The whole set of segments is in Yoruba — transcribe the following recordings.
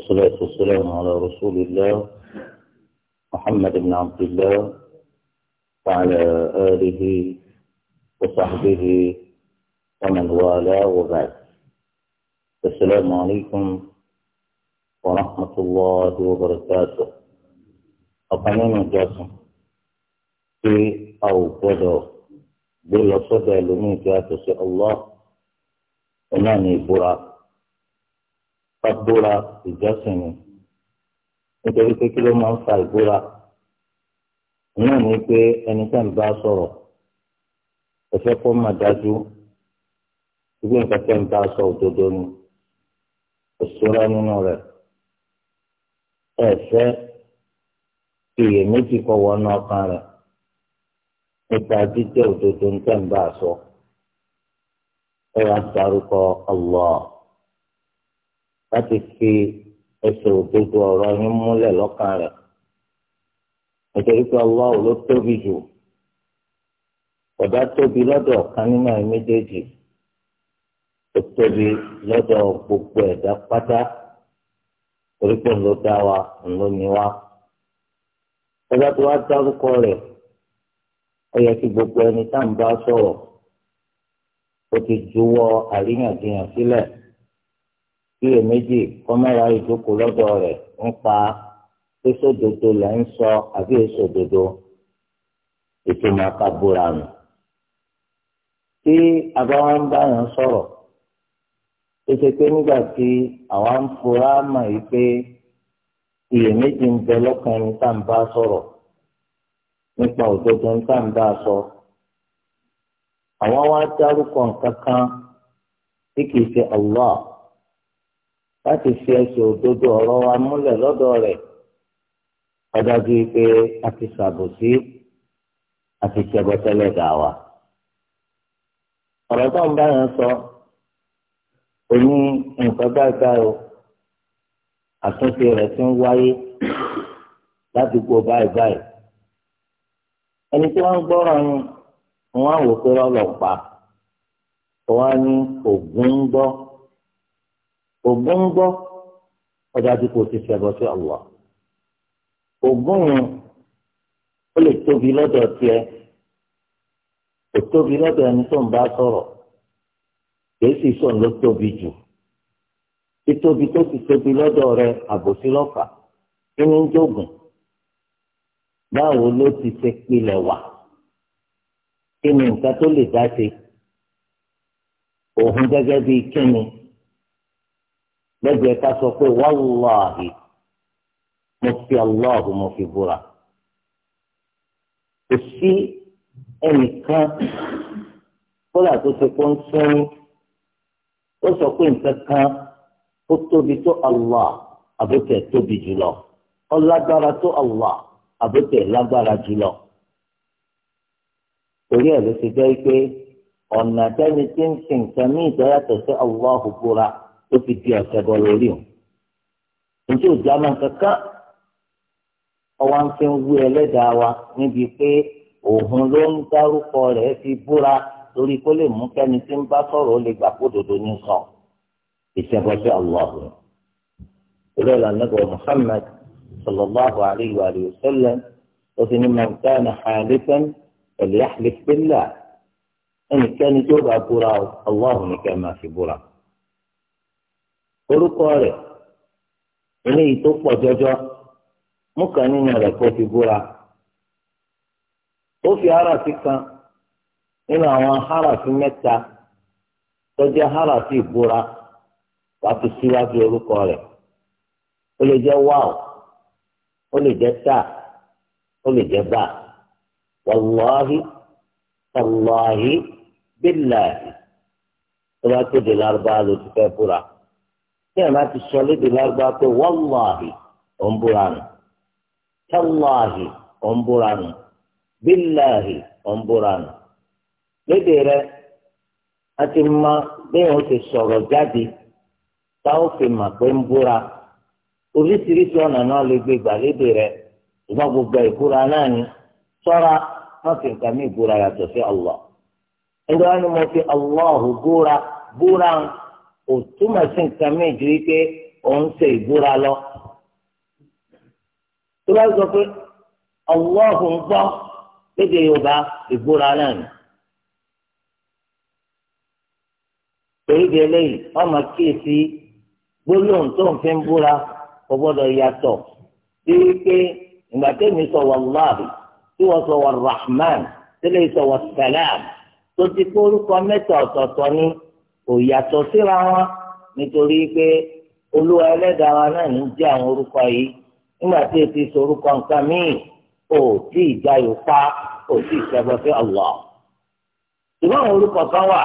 والصلاة والسلام على رسول الله محمد بن عبد الله وعلى آله وصحبه ومن والاه وبعد السلام عليكم ورحمة الله وبركاته أقنين الجاسم في أو بدو بلا صدى لمن جاتس الله ومن براك ká bóra ìjọsìn ni nítorí pé kí ló máa ń fa ìbóra náà ni pé ẹni tá à ń bá sọ̀rọ̀ ẹ fẹ́ kó má dájú ìgbé nǹkan tẹ́ ń bá sọ òdodo ni òṣòro nínú rẹ̀ ẹ fẹ́ iyèméjì kọ wọnú ọkàn rẹ̀ nípa jíjẹ́ òdodo ń tẹ́ ń bá sọ ẹ wá dárúkọ Allah láti fi ẹsẹ̀ òdodo ọ̀rọ̀ yín múlẹ̀ lọ́kàn rẹ̀ nítorí pé Allah ló tóbi jù ọ̀dà tóbi lọ́dọ̀ ọ̀kan nínú ẹ̀ méjèèjì ó tóbi lọ́dọ̀ gbogbo ẹ̀dá pátá torí pé ńlọ dá wa ńlọ ni wá ọ̀dà tó wá dárúkọ rẹ̀ ó yẹ kí gbogbo ẹni tá à ń bá sọ̀rọ̀ ó ti juwọ́ àríyànjiyàn sílẹ̀. Si kíyèméjì meji ìjókòó lọ́dọ̀ rẹ̀ nípa pésòdodo lẹ́ ń sọ àbí èsòdodo ìtumọ̀ bụrụ nù. tí abáwá ń bá yàn sọ̀rọ̀ ó ṣe pé nígbà tí àwa ń fura yìí pé ń bẹ lọ́kàn ẹni tá ń kan tí kìí ṣe láti fi ẹsẹ̀ òdodo ọ̀rọ̀ wa múlẹ̀ lọ́dọ̀ rẹ̀ ọ̀dájú pé a ti ṣàbòsí a ti ṣẹbọtẹ́lẹ̀ dà wá. ọ̀rọ̀ tó ń bá yẹn sọ ó ní nǹkan gbàgbà o àtúnṣe rẹ̀ ti ń wáyé ládùúgbò báyìí báyìí. ẹni tí wọ́n ń gbọ́rọ̀ ni wọ́n á wò pé lọ́lọ́pàá wọ́n á ní ògún ń gbọ́. ògùn ń gbọ́ ọjà tí kò ti ṣẹbọ sí Allah ògùn o lè tóbi lọ́dọ̀ tiẹ̀ kò tóbi lọ́dọ̀ ẹni tó ń bá sọ ló tóbi jù títóbi tó ti tóbi rẹ àbòsí ń báwo ló ti ṣe pilẹ̀ kí ni nǹkan tó lè dá lẹ́gbẹ̀ẹ́ ká sọ pé wàláhì mo fi aláhùn mo fi búra kò sí ẹnìkan kódà tó ṣe kó ń sẹ́yìn ó sọ pé nǹkan kan ó tóbi tó allah àbótẹ́ tóbi jùlọ ó lágbára tó allah àbótẹ́ lágbára jùlọ torí ẹ̀ ló ṣe jẹ́ pé ọ̀nà tẹ́ni nǹkan ní ìdáyàtọ̀ sí allah búra ó ti di àṣẹbọ lórí o èyí ò já máa kankan ọwọ́ ń fi ń wú ẹlẹ́dàá wa níbi pé òun ló ń dárúkọ rẹ̀ fi búra torí kó lè mú kẹ́ni tí ń bá sọ̀rọ̀ ó lè gbà kó dòdò ní sọ ìṣẹ́bọ sí Allah sallallahu alayhi wa sallam ó ti ní man kana halifan falyahlif billah ẹnikẹ́ni bá búra o Allah nìkan máa fi búra orúkọ rẹ̀ eléyìí tó pọ jọjọ mú kan nínú rẹ̀ kó fi búra ó fi kan nínú àwọn háràfí mẹ́ta tó jẹ́ háràfí ìbúra wàá fi síwájú orúkọ rẹ ó lè jẹ wáò ó lè jẹ táà ó lè jẹ bá wàlláhi tàlláhi bíláhi tó bá tó di lárúbáwá ló ti fẹ́ tí ẹ̀ bá ti sọ lédè lárúbá pé wàláhì òun tàláhì òun bíláhì rẹ a ti mọ o ti sọ̀rọ̀ jáde tá fi mà pé ń búra oríṣiríṣi ọ̀nà náà lè gbé gbà lédè rẹ ṣùgbọ́n gbogbo ìbúra náà ni sọ́ra fi nǹkan yàtọ̀ o túmọ̀ sí nǹkan mìíràn ju wípé òun ṣe ìbúra lọ. tó bá sọ pé ọlọ́ọ̀hún gbọ́ lédè yorùbá ìbúra náà ni. torí eléyìí ọmọ kíyèsí gbólóhùn tó ń fi ń búra kò gbọ́dọ̀ yàtọ̀ sí wípé ìgbà tẹ́mi sọ tí wọ́n sọ tẹ́lẹ̀ sọ tó ti mẹ́ta ni. kò yàtọ̀ síra wọn nítorí pé olúwa ẹlẹ́dàá náà ní jẹ́ àwọn orúkọ yìí nígbà tí èsì sorúkọ nǹkan míì ò tí ì pa ò tí ì ṣẹbọ sí àwọn orúkọ kan wà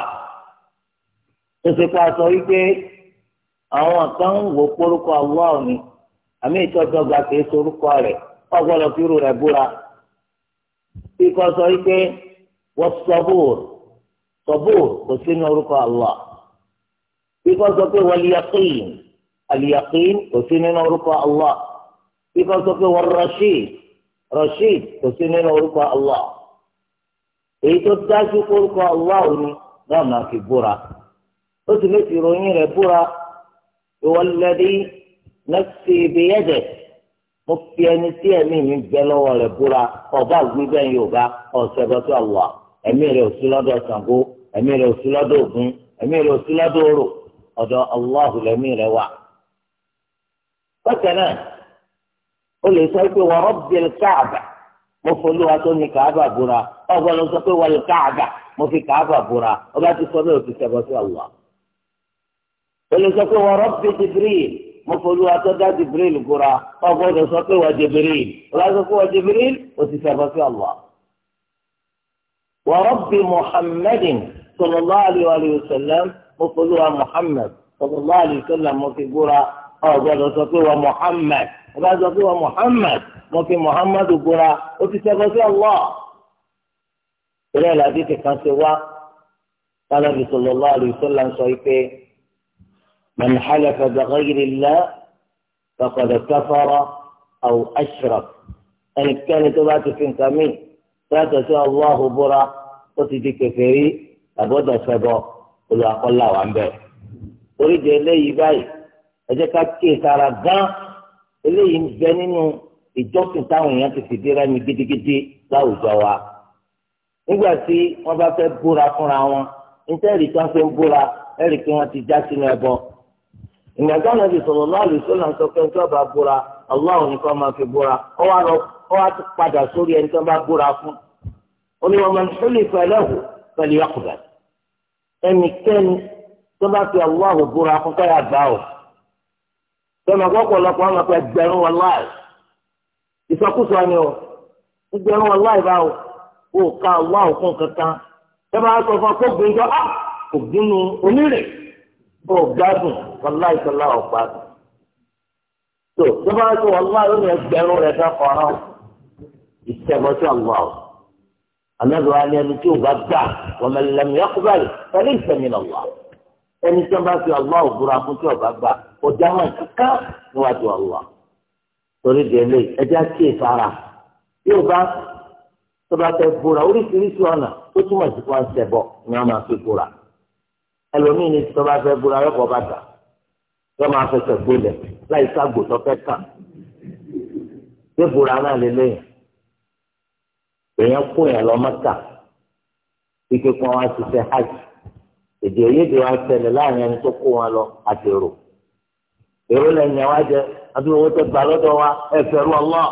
tó pa sọ wípé àwọn kan wò pórúkọ àmì sọ wípé wọ́n al-qabul kò sínú orúkọ Allah kíkọ́ sọ pé wal-yaqin al-yaqin kò sí nínú orúkọ Allah kíkọ́ sọ pé war-rashid rashid kò sí nínú orúkọ Allah èyí tó dájú orúkọ Allah òní náà máa fi búra ó sì lè fi ròyìn rẹ̀ búra ìwọlẹ́dí nafsi biyadihi mo fi ẹni tí ẹ̀mí mi bẹ lọ́wọ́ rẹ̀ búra ọba gbígbẹ́ yorùbá ọ̀sẹ̀ bọ́tọ̀ Allah ẹ̀mí rẹ̀ ò sí lọ́dọ̀ Ṣàngó ẹ̀mí rẹ̀ òsú lọ́dọ̀ ògún ẹ̀mí rẹ̀ òsú lọ́dọ̀ òrò ọ̀dọ̀ Allahu lẹ́mí rẹ̀ wà. bákan náà o lè sọ pé wa Rabbil Ka'ba mo folúwa tó ní Ka'ba búra ọgbà ló sọ pé wal Ka'ba mo fi Ka'ba búra ọba ti sọ bẹ́ẹ̀ o ti sẹ́bọ̀ sí Allah. o lè sọ pé wa Rabbi Jibril mo folúwa tó dá Jibril búra ọgbà ló sọ pé wa Jibril ọba sọ pé wa Jibril o ti sẹ́bọ̀ sí Allah. wa Rabbi Muhammadin. صلى الله عليه وآله وسلم مفضوها محمد صلى الله عليه وسلم مفضوها أو بعد رسوله محمد بعد رسوله محمد مفضوها محمد وقرا وتسبسي الله إلى الذي كان سوا قال صلى الله عليه وسلم صحيح من حلف بغير الله فقد كفر أو أشرك أن كانت تبعت في كمين فاتسى الله برا وتدك فيه àbọ̀dọ̀ sẹ́bọ olùwàkọ́lá wa ń bẹ̀. oríṣi eléyìí báyìí ẹ jẹ́ ká kíyè sára gán eléyìí ń bẹ nínú ìjọsìn táwọn èèyàn ti fìdí rẹmi gidigidi láwùjọ wa. nígbà tí wọ́n bá fẹ́ búra fúnra wọn nítorí tí wọ́n fẹ́ búra ẹ̀rí kí wọ́n ti já sínú ẹbọ. ìgbàgbọ́ Ànábì sallallahu alaihi wasallam sọ pé tí wọ́n bá búra Allah nìkan máa fi búra ó wá padà sórí ẹni tí wọ́n bá búra fún. ó ní wa man ẹnikẹ́ni tó bá fi Allahu búra akọ́kọ́ yà gbà ó tọ́mọ̀ gbọ́pọ̀lọpọ̀ ọmọ pé ẹgbẹ̀rún wọn láì ìsọkúsọ ni ó ẹgbẹ̀rún wọn láì báwo ó ka Allahu fún kankan ẹ bá sọ fún akó gbìyànjọ á kò gbínú onírè ó gbádùn wọn láì sọlá ọ̀pá tó tó bá sọ wọn láì ó ní ẹgbẹ̀rún rẹ̀ fẹ́ kọ́ ọ́ ìṣẹ̀mọ́sọ Allahu anábì wa ni ẹni tí o bá gbà wọmọ lẹnu yẹ kó báyìí pẹ̀lú ìsẹmí lọ wà ẹni tí wọn bá fi ọlọ òbúra fún tí o bá gbà ọjà máa kíkà níwájú ọlọ torí délé ẹjẹ kí ẹ fara yóò bá tó bá fẹ́ búra oríṣiríṣi ọ̀nà ó túmọ̀ sí wọn ṣẹbọ ni wọn máa fi búra ẹlòmíín ni tó bá fẹ́ búra yọkọ̀ bàtà yọ máa fẹsẹ̀ gbólẹ̀ láì ságbó tó fẹ́ kà débùra náà lélẹ́yìn. èèyàn kó yẹn lọ mọ́tà kíkẹ́ kó wọn ṣiṣẹ́ hajj èdè òyìnbó wa ṣẹlẹ̀ láàrin ẹni tó kó wọn lọ àti èrò lẹ́yìn àwa jẹ àbí owó tẹ gbà lọ́dọ̀ wa ọlọ́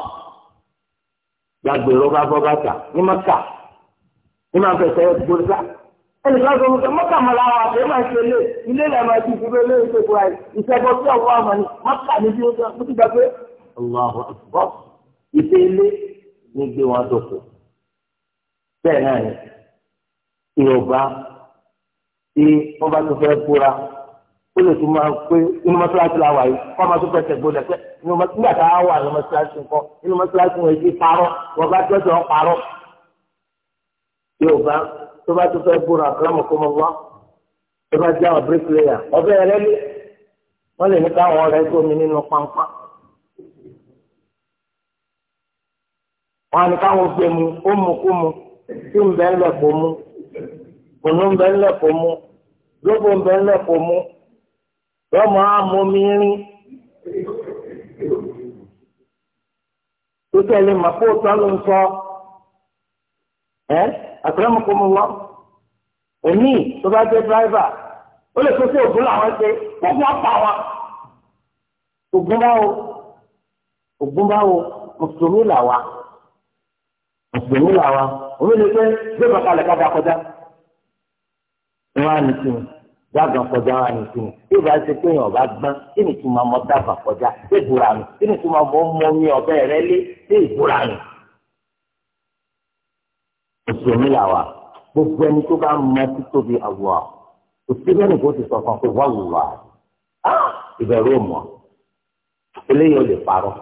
gbàgbèrò bá bọ́ bàtà ní mọ́tà ní máa fẹsẹ̀ ẹnì kan sọ wípé mọ́tà máa ṣe ilé ìlànà àti ìṣègùn àì sí ọ̀wọ́ bẹ́ẹ̀ náà ni yorùbá tí wọ́n bá tún fẹ́ búra ó lè tún máa pé inú mọ́ṣáláṣí la wà yìí wọ́n máa tún fẹsẹ̀ gbọ́dọ̀ pé nígbà tá a wà ní mọ́ṣáláṣí ńkọ́ inú mọ́ṣáláṣí wọn ti parọ́ wọ́n bá tún fẹ́ parọ́ yorùbá tó bá tún fẹ́ búra àkàràmọ̀ kó mọ wá tó bá jẹ́ àwọn bíríkìlẹ́yà ọbẹ̀ rẹ lé wọ́n lè ní káwọn ọ̀rẹ́ gómi nínú pampa. wọ́n á ní káwọn tí ń bẹ ńlẹ̀ kò mú kùnú ń bẹ ńlẹ̀ kò mú lóbò ń bẹ ńlẹ̀ kò mú lọ́mọ amómi rín tó tẹ̀lé màpó tó ló ń sọ ẹ́ àtúrọ́mọkùnmọ́ wọ́n èmi tó bá jẹ́ dírẹ́fà ó lè tó sí ògùn làwọn ṣe gbogbo ọ̀pá wa ògùn báwo ògùn báwo mùsùlùmí làwa mùsùlùmí làwa òun lè pé bí bàbá rẹ̀ ká da kọjá wọn á ní tiwọn gbàgbà kọjá wọn á ní tiwọn bí bàbá ṣe pé yàn ọba gbọ́n kí ni tí máa mọ dábàá kọjá sí ìbúra nù kí ni tí máa mọ mọ mi ọbẹ̀ rẹ lé sí ìbúra nù. mùsùlùmí làwa gbogbo ẹni tó bá mọ títóbi àwọ̀ òṣèlú ẹni kò ti sọ fún pé wọ́n wù ìbẹ̀rù òmùọ́ eléyìí ò lè parọ́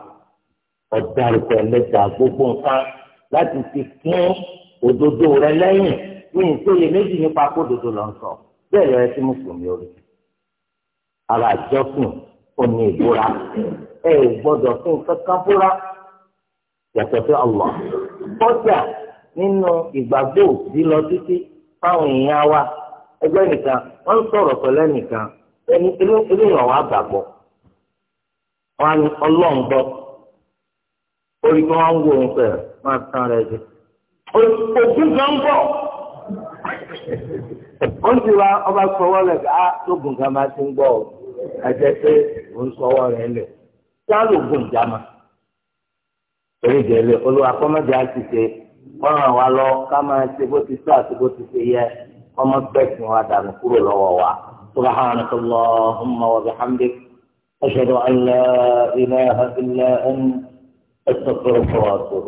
ọ̀dà ìpẹ̀lẹ́dà láti fi kín òdodo rẹ lẹ́yìn ní ìpele méjì nípa kó òdodo lọ sọ bẹ́ẹ̀ lọ ẹtí mùsùlùmí orí ara àjọkùn òní ìbúra ẹ ò gbọ́dọ̀ fún kankan búra yàtọ̀ sí Allah kọjá nínú ìgbàgbọ́ òsì lọ títí fáwọn èèyàn wa ẹgbẹ́ nìkan wọ́n ń sọ̀rọ̀ pẹ̀lẹ́ nìkan ẹni eléyàn wà gbàgbọ́ wọn ni Ọlọ́run gbọ́ orí kí wọ́n ń wo òun pẹ̀lú. máa tán rẹ̀ jẹ. Òkú kan bọ̀. Wọ́n ti wá ọba sọ̀wọ́ rẹ̀ ká lóògùn ah, kan máa ti ń gbọ́ ọ. Ẹ jẹ́ pé òun sọ̀wọ́ rẹ̀ lẹ̀. Ṣé á lóògùn ìjàmà? Eréjẹ̀lẹ̀ olúwa kọ́mọ́jà ti ṣe ọ̀ràn wa lọ ká máa ṣe bó ti sọ àti bó ti ṣe yẹ ọmọ wa dànù kúrò lọ́wọ́ wa. سبحانك اللهم وبحمدك أشهد أن لا إله إلا أنت